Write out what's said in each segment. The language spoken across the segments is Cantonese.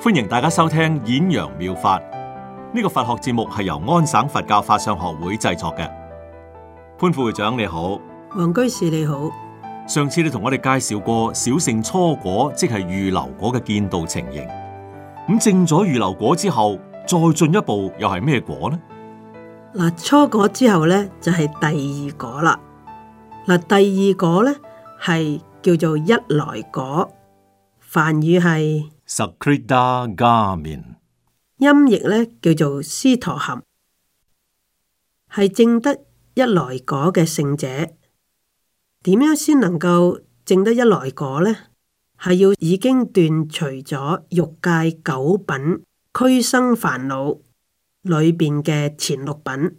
歡迎大家收聽演揚妙、妙法呢、這個佛學節目係由安省佛教法相學會製作嘅。潘副會長你好，王居士你好。上次你同我哋介紹過小乘初果，即係預流果嘅見道情形。咁正咗預流果之後，再進一步又係咩果呢？嗱，初果之後呢，就係第二果啦。嗱，第二果呢，係叫做一來果，梵語係。音譯呢叫做斯陀含，係證得一來果嘅聖者。點樣先能夠證得一來果呢？係要已經斷除咗欲界九品俱生煩惱裏邊嘅前六品。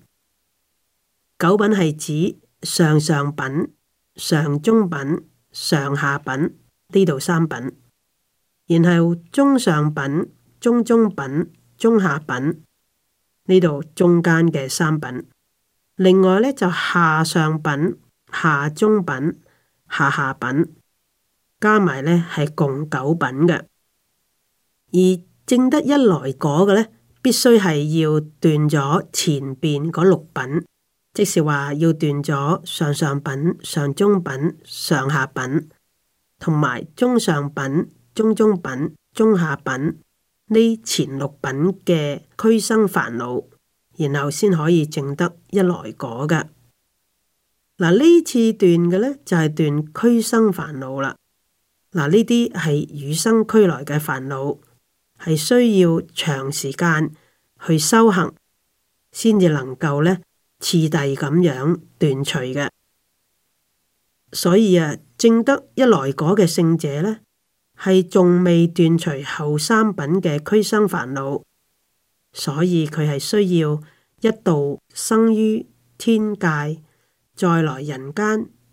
九品係指上上品、上中品、上下品，呢度三品。然後中上品、中中品、中下品，呢度中間嘅三品，另外呢，就下上品、下中品、下下品，加埋呢係共九品嘅。而正得一來果嘅呢，必須係要斷咗前邊嗰六品，即是話要斷咗上上品、上中品、上下品同埋中上品。中中品、中下品呢，前六品嘅俱生煩惱，然後先可以證得一來果噶。嗱，呢次斷嘅呢，就係斷俱生煩惱啦。嗱，呢啲係與生俱來嘅煩惱，係需要長時間去修行先至能夠呢次第咁樣斷除嘅。所以啊，證得一來果嘅聖者呢，係仲未斷除後三品嘅俱生煩惱，所以佢係需要一度生於天界，再來人間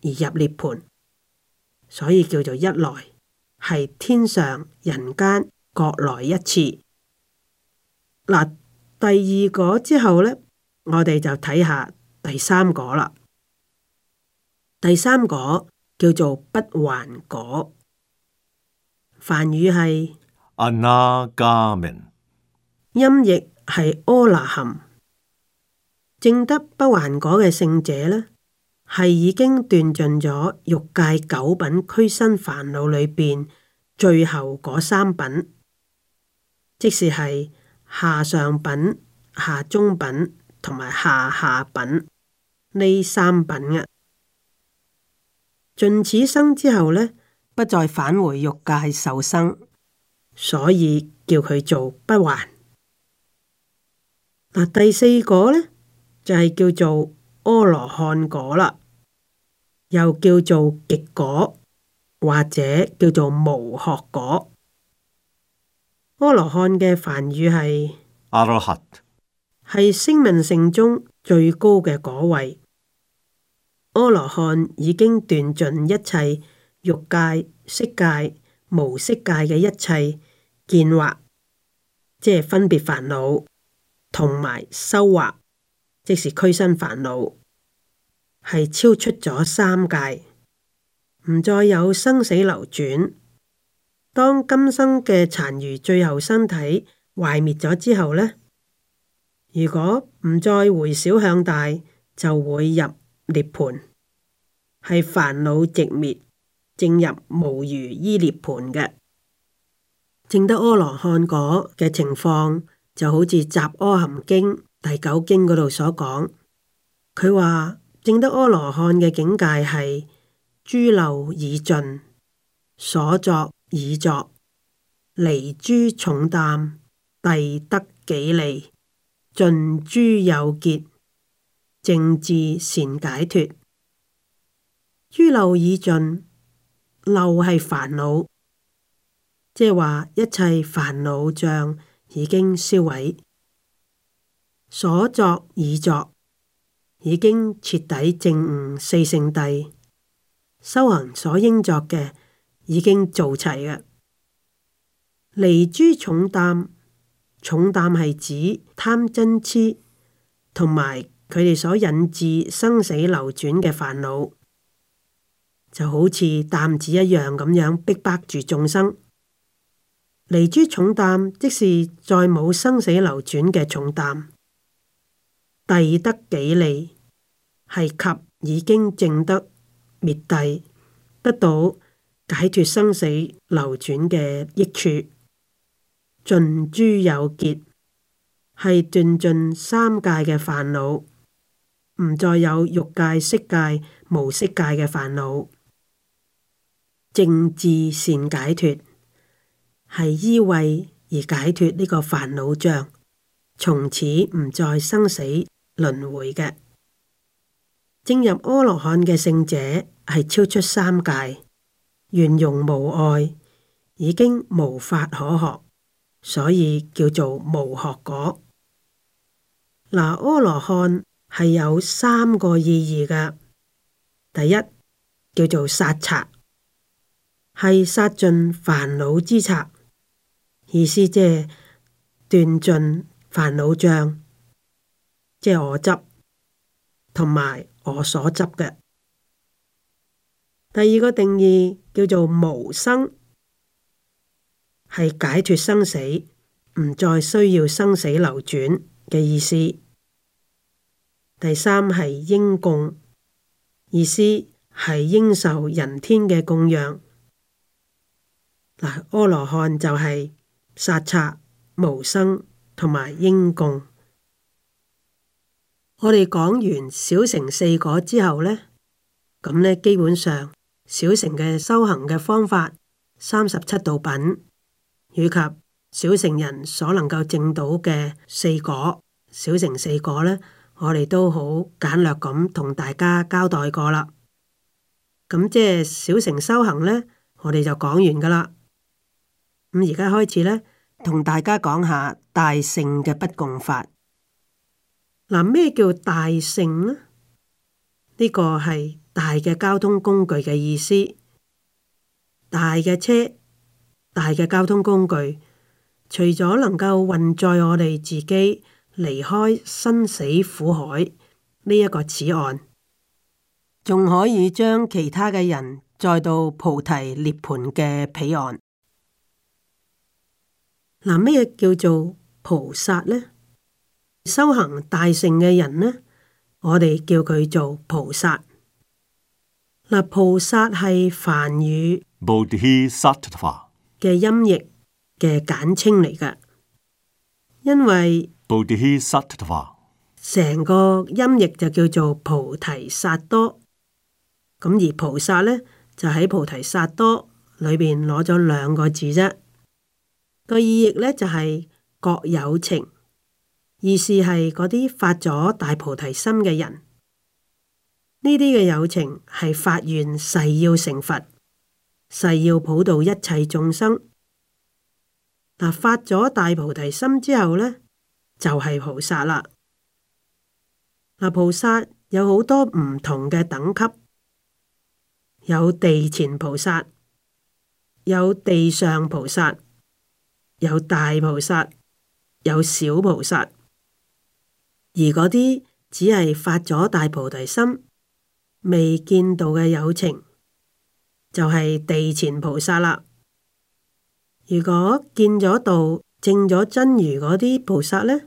而入涅槃。所以叫做一來係天上人間各來一次。嗱，第二個之後呢，我哋就睇下第三個啦。第三個叫做不還果。梵語係 anagamin，音譯係阿那含。證得不還果嘅聖者呢，係已經斷盡咗欲界九品軀身煩惱裏邊最後嗰三品，即是係下上品、下中品同埋下下品呢三品嘅，盡此生之後呢，不再返回欲界受生，所以叫佢做不還。嗱，第四果呢，就係、是、叫做阿羅漢果啦，又叫做極果或者叫做無學果。阿羅漢嘅梵語係阿羅漢，係聲聞聖中最高嘅果位。阿羅漢已經斷盡一切。欲界、色界、無色界嘅一切見惑，即係分別煩惱，同埋修惑，即是驅身煩惱，係超出咗三界，唔再有生死流轉。當今生嘅殘餘最後身體壞滅咗之後呢，如果唔再回小向大，就會入涅槃，係煩惱寂滅。證入無餘依涅盤嘅，證得阿羅漢果嘅情況，就好似《雜阿含經》第九經嗰度所講，佢話證得阿羅漢嘅境界係諸漏已盡，所作已作，離諸重擔，逮得己利，盡諸有結，正智善解脫，諸漏已盡。.漏係煩惱，即係話一切煩惱障已經銷毀。所作已作，已經徹底證悟四聖諦，修行所應作嘅已經做齊嘅。離諸重擔，重擔係指貪嗔癡同埋佢哋所引致生死流轉嘅煩惱。就好似擔子一樣咁樣逼迫住眾生。離諸重擔，即是再冇生死流轉嘅重擔。逮得己利，係及已經證得滅諦，得到解脫生死流轉嘅益處。盡諸有結，係斷盡三界嘅煩惱，唔再有欲界、色界、無色界嘅煩惱。正智善解脱，係依慧而解脱呢個煩惱障，從此唔再生死輪迴嘅。進入阿羅漢嘅聖者係超出三界，圓融無礙，已經無法可學，所以叫做無學果。嗱，阿羅漢係有三個意義嘅，第一叫做殺賊。係殺盡煩惱之賊，意思即係斷盡煩惱障，即係我執同埋我所執嘅。第二個定義叫做無生，係解脱生死，唔再需要生死流轉嘅意思。第三係應供，意思係應受人天嘅供養。嗱，阿羅漢就係殺賊無生同埋應供。我哋講完小乘四果之後呢，咁呢基本上小乘嘅修行嘅方法、三十七道品，以及小乘人所能夠證到嘅四果、小乘四果呢，我哋都好簡略咁同大家交代過啦。咁即係小乘修行呢，我哋就講完噶啦。咁而家開始呢，同大家講下大乘嘅不共法。嗱，咩叫大乘呢？呢個係大嘅交通工具嘅意思，大嘅車，大嘅交通工具，除咗能夠運載我哋自己離開生死苦海呢一個此岸，仲可以將其他嘅人載到菩提涅槃嘅彼岸。嗱，咩嘢叫做菩薩呢？修行大乘嘅人呢，我哋叫佢做菩薩。嗱，菩薩係梵語嘅音譯嘅簡稱嚟㗎，因為成個音譯就叫做菩提薩多，咁而菩薩呢就喺菩提薩多裏邊攞咗兩個字啫。個意義呢，就係各有情，意思係嗰啲發咗大菩提心嘅人，呢啲嘅有情係發願誓要成佛，誓要普渡一切眾生。嗱，發咗大菩提心之後呢，就係、是、菩薩啦。嗱，菩薩有好多唔同嘅等級，有地前菩薩，有地上菩薩。有大菩薩，有小菩薩，而嗰啲只係發咗大菩提心未見道嘅有情，就係、是、地前菩薩啦。如果見咗道、證咗真如嗰啲菩薩呢，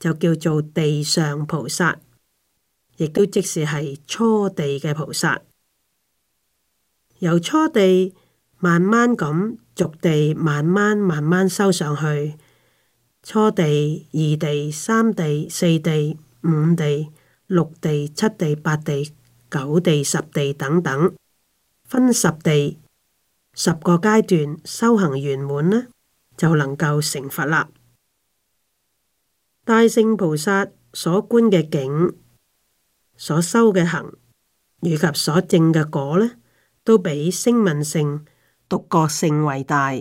就叫做地上菩薩，亦都即是係初地嘅菩薩，由初地。慢慢咁逐地，地慢慢慢慢收上去，初地、二地、三地、四地、五地、六地、七地、八地、九地、十地等等，分十地十個階段修行圓滿咧，就能夠成佛啦。大乘菩薩所觀嘅境、所修嘅行以及所證嘅果咧，都比聲聞聖獨覺性為大。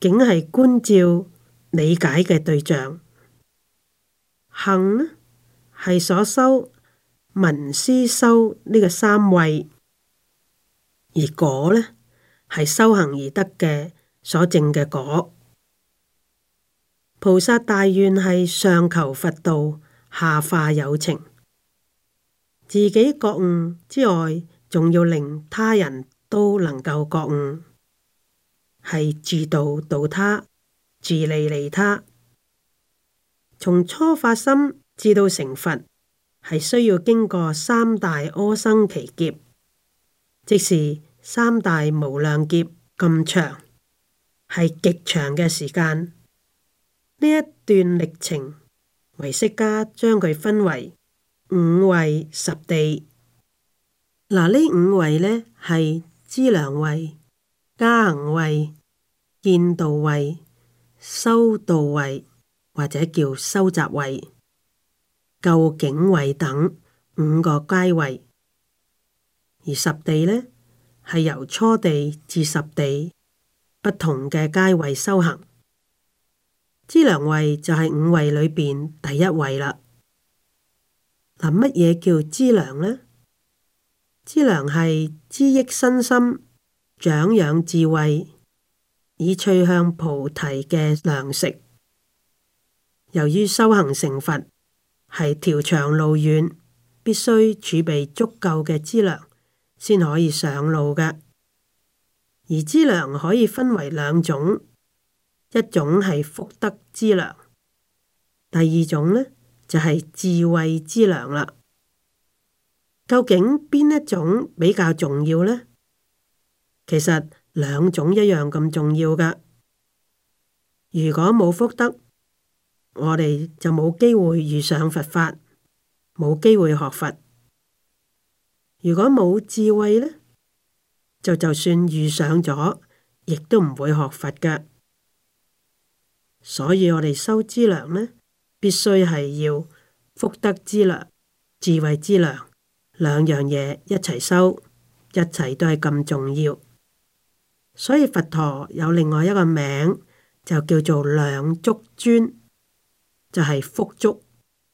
境係觀照理解嘅對象。行呢係所修聞思修呢個三慧，而果呢係修行而得嘅所證嘅果。菩薩大願係上求佛道，下化有情。自己覺悟之外，仲要令他人。都能夠覺悟，係自度度他，自利利他。從初發心至到成佛，係需要經過三大阿僧祇劫，即是三大無量劫咁長，係極長嘅時間。呢一段歷程，唯識家將佢分為五位十地。嗱，呢五位呢係。資糧位、加行位、見道位、修道位，或者叫收集位、究竟位等五個階位。而十地呢，係由初地至十地不同嘅階位修行。資糧位就係五位裏邊第一位啦。嗱，乜嘢叫資糧呢？資糧係資益身心、長養智慧、以趣向菩提嘅糧食。由於修行成佛係條長路遠，必須儲備足夠嘅資糧先可以上路嘅。而資糧可以分為兩種，一種係福德資糧，第二種呢，就係、是、智慧資糧啦。究竟邊一種比較重要呢？其實兩種一樣咁重要噶。如果冇福德，我哋就冇機會遇上佛法，冇機會學佛。如果冇智慧呢，就就算遇上咗，亦都唔會學佛噶。所以我哋修資糧呢，必須係要福德資糧、智慧資糧。兩樣嘢一齊收，一齊都係咁重要。所以佛陀有另外一個名，就叫做兩足尊，就係、是、福足、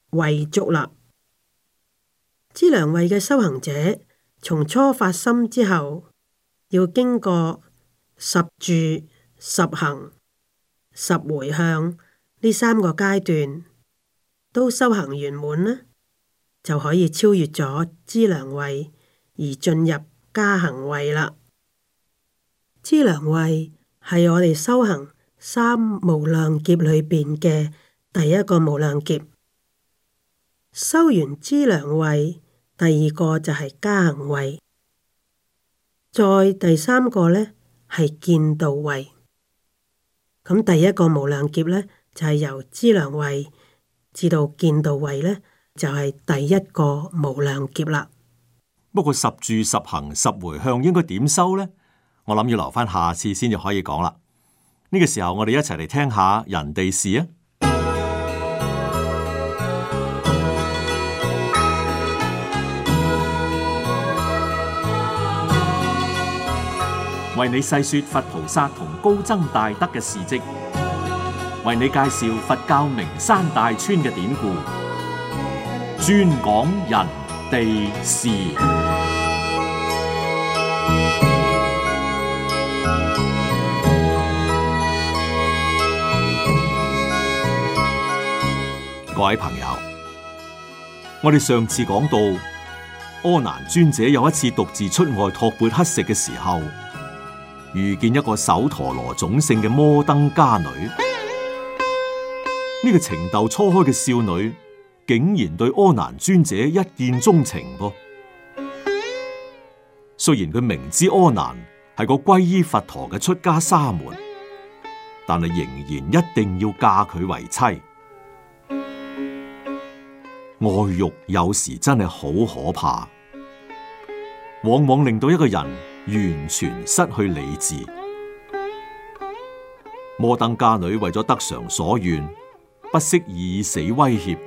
慧足啦。資糧位嘅修行者，從初發心之後，要經過十住、十行、十迴向呢三個階段，都修行完滿啦。就可以超越咗知量位而進入加行位啦。知量位係我哋修行三無量劫裏邊嘅第一個無量劫，修完知量位，第二個就係加行位，再第三個呢係見道位。咁第一個無量劫呢，就係、是、由知量位至到見道位呢。就係第一個無量劫啦。不過十住十行十回向應該點修呢？我諗要留翻下，下次先至可以講啦。呢、這個時候我哋一齊嚟，聽下人哋事啊！為你細說佛菩薩同高僧大德嘅事跡，為你介紹佛教名山大川嘅典故。專講人地事。各位朋友，我哋上次講到，阿難尊者有一次獨自出外托缽乞食嘅時候，遇見一個首陀羅種姓嘅摩登伽女，呢、這個情竇初開嘅少女。竟然對阿難尊者一見鍾情噃！雖然佢明知阿難係個皈依佛陀嘅出家沙門，但係仍然一定要嫁佢為妻。愛欲有時真係好可怕，往往令到一個人完全失去理智。摩登伽女為咗得償所願，不惜以死威脅。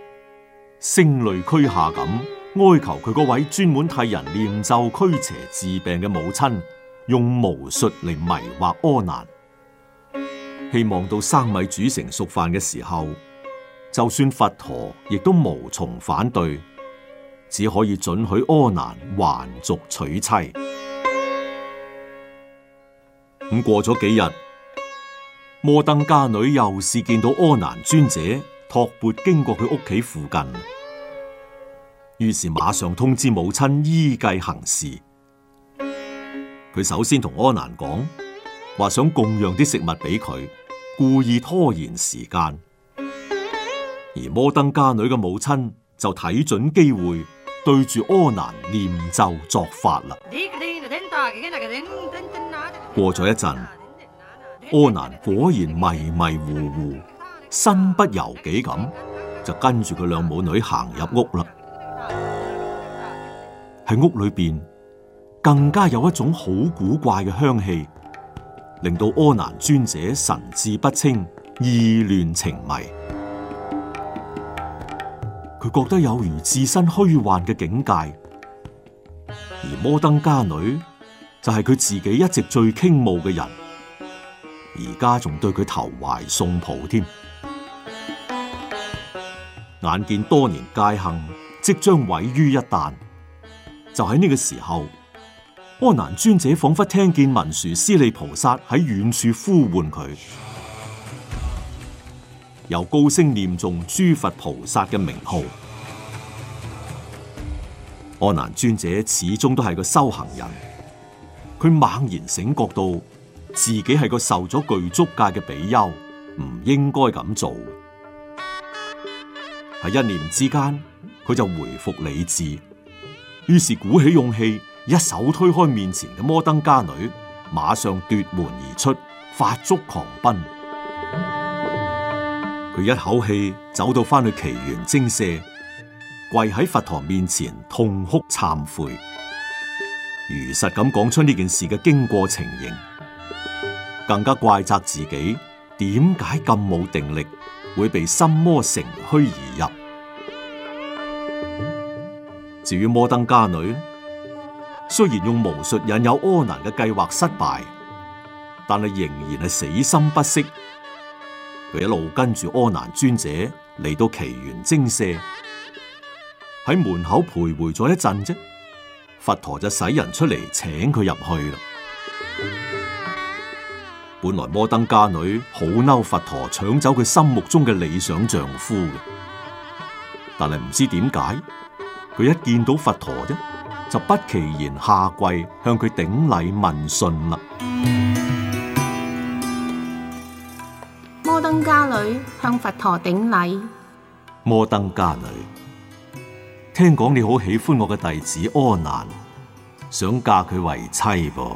聲淚俱下咁哀求佢嗰位專門替人念咒驅邪治病嘅母親，用巫術嚟迷惑阿難，希望到生米煮成熟飯嘅時候，就算佛陀亦都無從反對，只可以准許阿難還俗娶妻。咁過咗幾日，摩登家女又是見到阿難尊者，托缽經過佢屋企附近，於是馬上通知母親依計行事。佢首先同阿難講話，想供養啲食物俾佢，故意拖延時間。而摩登伽女嘅母親就睇準機會，對住阿難念咒作法啦。過咗一陣，阿難果然迷迷糊糊。身不由己咁就跟住佢兩母女行入屋啦。喺屋裏邊更加有一種好古怪嘅香氣，令到阿難尊者神志不清、意亂情迷。佢覺得有如置身虛幻嘅境界，而摩登伽女就係、是、佢自己一直最傾慕嘅人，而家仲對佢投懷送抱添。眼見多年戒行即將毀於一旦，就喺呢個時候，阿難尊者仿佛聽見文殊師利菩薩喺遠處呼喚佢，由高聲念誦諸佛菩薩嘅名號。阿難尊者始終都係個修行人，佢猛然醒覺到自己係個受咗具足戒嘅比丘，唔應該咁做。一年之間，佢就回復理智，於是鼓起勇氣，一手推開面前嘅摩登伽女，馬上奪門而出，發足狂奔。佢一口氣走到返去祇園精舍，跪喺佛堂面前痛哭懺悔，如實咁講出呢件事嘅經過情形，更加怪責自己點解咁冇定力，會被心魔乘虛而入。至於摩登伽女咧，雖然用巫術引誘阿難嘅計劃失敗，但係仍然係死心不息。佢一路跟住阿難尊者嚟到祇園精舍，喺門口徘徊咗一陣啫。佛陀就使人出嚟請佢入去啦。本來摩登伽女好嬲佛陀搶走佢心目中嘅理想丈夫嘅，但係唔知點解。佢一見到佛陀啫，就不期然下跪向佢頂禮問訊啦。摩登伽女向佛陀頂禮。摩登伽女，聽講你好喜歡我嘅弟子阿難，想嫁佢為妻噃？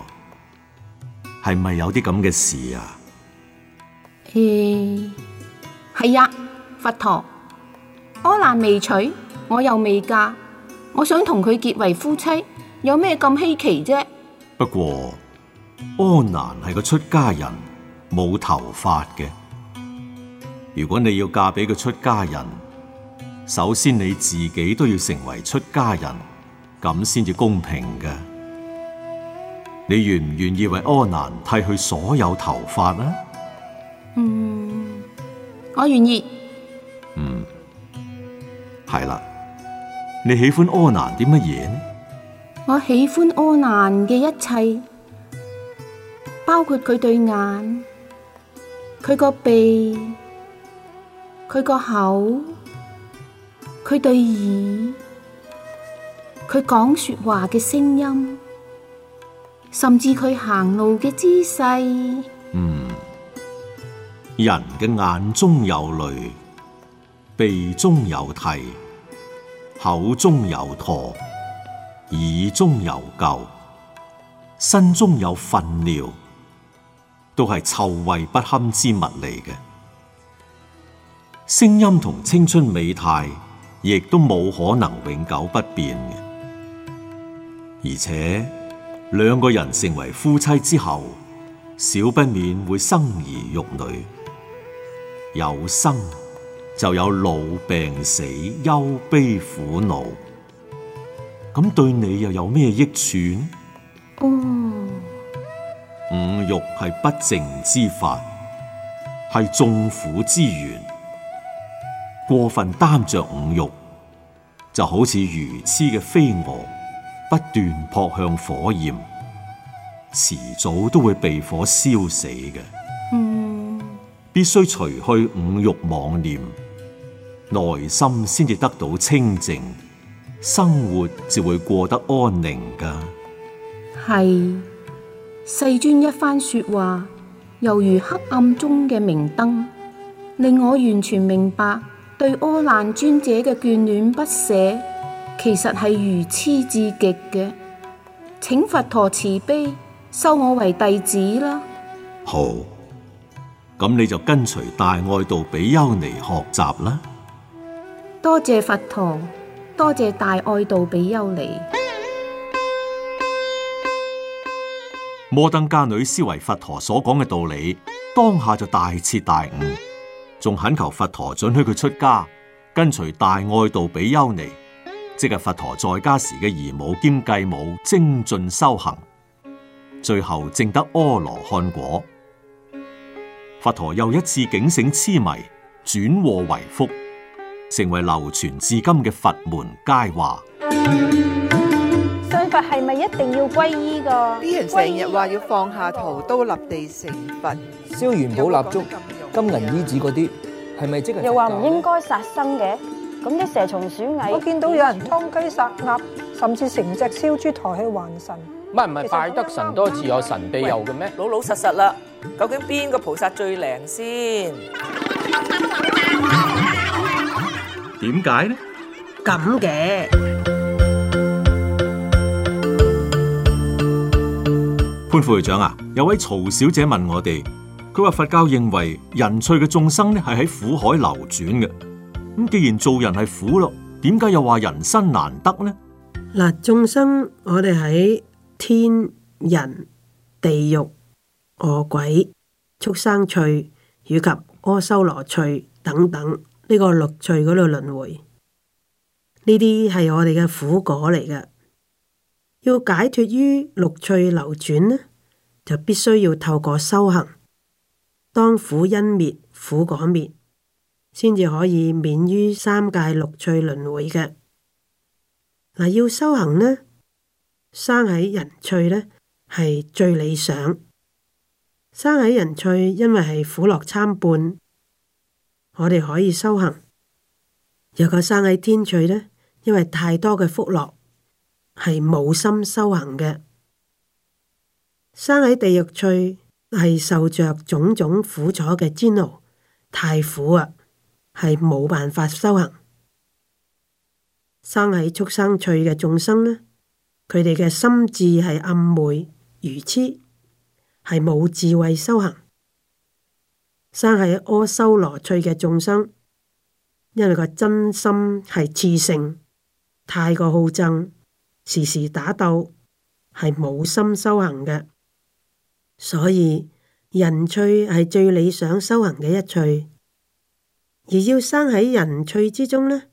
係咪有啲咁嘅事啊？係係、嗯、呀，佛陀，阿難未娶，我又未嫁。我想同佢結為夫妻，有咩咁稀奇啫？不過阿難係個出家人，冇頭髮嘅。如果你要嫁俾個出家人，首先你自己都要成為出家人，咁先至公平嘅。你願唔願意為阿難剃去所有頭髮呢？嗯，我願意。嗯，係啦。你喜歡柯南啲乜嘢？我喜歡柯南嘅一切，包括佢對眼、佢個鼻、佢個口、佢對耳、佢講說話嘅聲音，甚至佢行路嘅姿勢。嗯，人嘅眼中有淚，鼻中有涕。口中有唾，耳中有垢，身中有糞尿，都係臭味不堪之物嚟嘅。聲音同青春美態，亦都冇可能永久不變的。而且兩個人成為夫妻之後，少不免會生兒育女，有生。就有老病死憂悲苦惱，咁對你又有咩益處呢？哦、嗯，五欲係不淨之法，係眾苦之源。過分擔着五欲，就好似愚痴嘅飛蛾，不斷撲向火焰，遲早都會被火燒死嘅。嗯，必須除去五欲妄念。內心先至得到清淨，生活就會過得安寧噶。係，世尊一番說話，猶如黑暗中嘅明燈，令我完全明白對阿難尊者嘅眷戀不捨，其實係愚痴至極嘅。請佛陀慈悲，收我為弟子啦。好，咁你就跟隨大愛道比丘尼學習啦。多謝佛陀，多謝大愛道比丘尼。摩登伽女思維佛陀所講嘅道理，當下就大徹大悟，仲懇求佛陀准許佢出家，跟隨大愛道比丘尼，即係佛陀在家時嘅姨母兼繼母，精進修行，最後證得阿羅漢果。佛陀又一次警醒痴迷，轉禍為福。成為流傳至今嘅佛門佳話。信佛係咪一定要皈依噶？成日話要放下屠刀衣立地成佛，燒完寶蠟燭、金銀衣紙嗰啲，係咪、嗯、即係？又話唔應該殺生嘅，咁啲、嗯、蛇蟲鼠蟻，我見到有人殺雞殺鴨，甚至成隻燒豬抬去還神。唔係唔係，拜得神多自、嗯、有神庇佑嘅咩？老老實實啦，究竟邊個菩薩最靈先？ 點解呢？咁嘅潘副會長啊，有位曹小姐問我哋，佢話佛教認為人趣嘅眾生呢係喺苦海流轉嘅。咁既然做人係苦咯，點解又話人身難得呢？嗱，眾生我哋喺天、人、地獄、餓鬼、畜生趣以及阿修羅趣等等。呢個六趣嗰度輪迴，呢啲係我哋嘅苦果嚟嘅。要解脫於六趣流轉呢，就必須要透過修行，當苦因滅，苦果滅，先至可以免於三界六趣輪迴嘅。嗱，要修行呢，生喺人趣呢係最理想。生喺人趣，因為係苦樂參半，我哋可以修行。若果生喺天趣呢，因為太多嘅福樂係冇心修行嘅；生喺地獄趣係受着種種苦楚嘅煎熬，太苦啊，係冇辦法修行。生喺畜生趣嘅眾生呢，佢哋嘅心智係暗昧如痴，係冇智慧修行。生喺阿修羅趣嘅眾生，因為個嗔心係熾盛，太過好憎，時時打鬥，係冇心修行嘅。所以人趣係最理想修行嘅一趣，而要生喺人趣之中呢，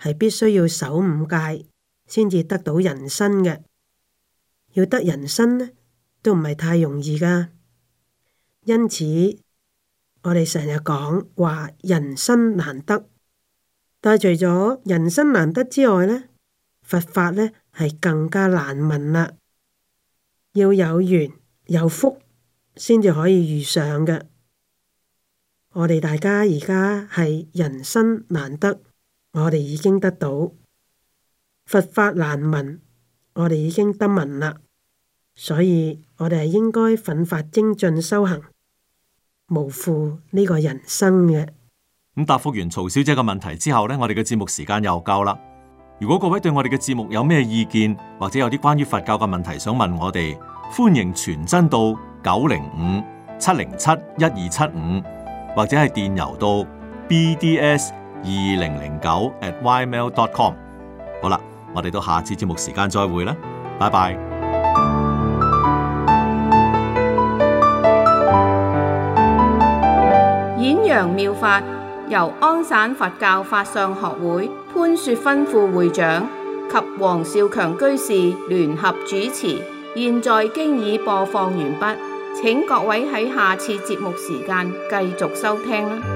係必須要守五戒，先至得到人身嘅。要得人身呢，都唔係太容易噶，因此。我哋成日講話人生難得，但除咗人生難得之外咧，佛法咧係更加難聞啦。要有緣有福先至可以遇上嘅。我哋大家而家係人生難得，我哋已經得到佛法難聞，我哋已經得聞啦。所以我哋係應該奮發精進修行。無負呢個人生嘅。咁，答覆完曹小姐嘅問題之後呢，我哋嘅節目時間又夠啦。如果各位對我哋嘅節目有咩意見，或者有啲關於佛教嘅問題想問我哋，歡迎傳真到九零五七零七一二七五，75, 或者係電郵到 bds 二零零九 at ymail.com。好啦，我哋到下次節目時間再會啦，拜拜。顯揚妙法，由安省佛教法相學會潘雪芬副會長及黃少強居士聯合主持，現在已經已播放完畢，請各位喺下次節目時間繼續收聽啦。